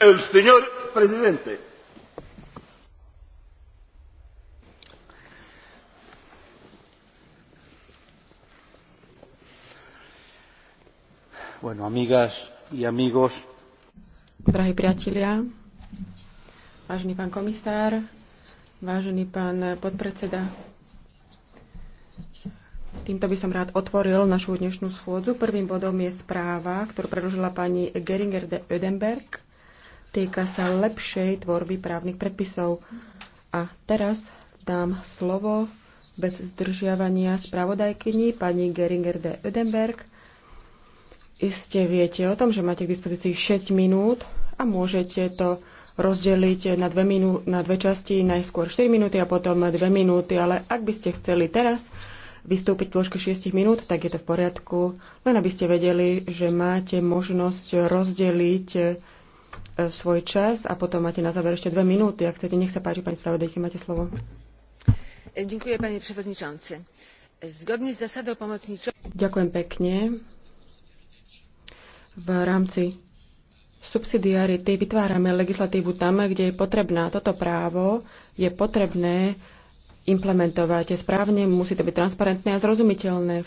El señor presidente. Bueno, amigas y amigos. Drahí priatelia, vážený pán komisár, vážený pán podpredseda, týmto by som rád otvoril našu dnešnú schôdzu. Prvým bodom je správa, ktorú predložila pani Geringer de Ödenberg Týka sa lepšej tvorby právnych predpisov. A teraz dám slovo bez zdržiavania spravodajkyni pani Geringer de Ödenberg. Iste viete o tom, že máte k dispozícii 6 minút a môžete to rozdeliť na dve, minú- na dve časti, najskôr 4 minúty a potom 2 minúty, ale ak by ste chceli teraz vystúpiť v dĺžke 6 minút, tak je to v poriadku, len aby ste vedeli, že máte možnosť rozdeliť svoj čas a potom máte na záver ešte dve minúty. Ak chcete, nech sa páči, pani spravodajky, máte slovo. Ďakujem, pani przewodniczący. Zgodne s zasadą pomocníčov... Ďakujem pekne. V rámci subsidiarity vytvárame legislatívu tam, kde je potrebná. Toto právo je potrebné implementovať. Je správne, musí to byť transparentné a zrozumiteľné. V